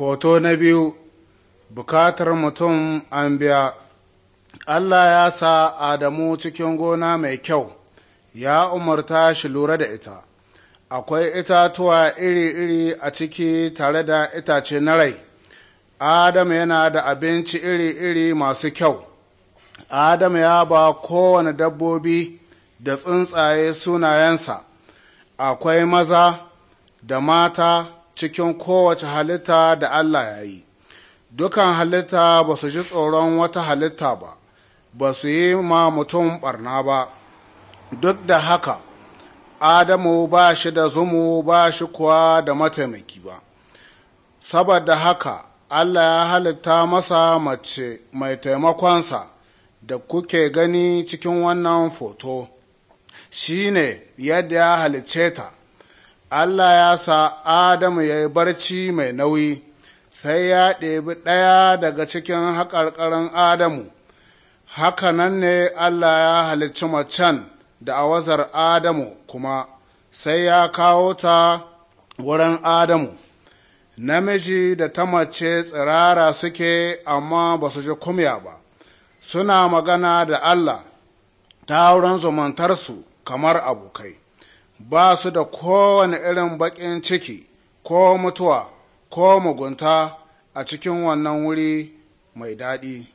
Hoto na biyu, bukatar mutum an biya, Allah ya sa Adamu cikin gona mai kyau, ya umarta shi lura da ita, akwai itatuwa iri-iri a ciki tare da itace na rai, Adamu yana da abinci iri-iri masu kyau, Adamu ya ba kowane dabbobi da tsuntsaye sunayensa, akwai maza da mata cikin kowace halitta da Allah ya yi, dukan halitta ba su ji tsoron wata halitta ba, ba su yi ma mutum barna ba, duk da haka, Adamu ba shi da zumu ba shi kuwa da mataimaki ba, saboda haka Allah ya halitta masa mace mai taimakonsa da kuke gani cikin wannan foto, shi ne yadda ya halicce ta. Allah ya sa Adamu ya yi barci mai nauyi, sai ya ɗebi ɗaya daga cikin haƙarƙarin Adamu, hakanan ne Allah ya halicci macen da a awazar Adamu kuma, sai ya kawo ta wurin Adamu. Namiji da ta mace tsirara suke amma ba su ji kumya ba, suna magana da Allah ta wurin zumantarsu kamar abokai. ba su da kowane irin baƙin ciki ko mutuwa ko mugunta a cikin wannan wuri mai daɗi.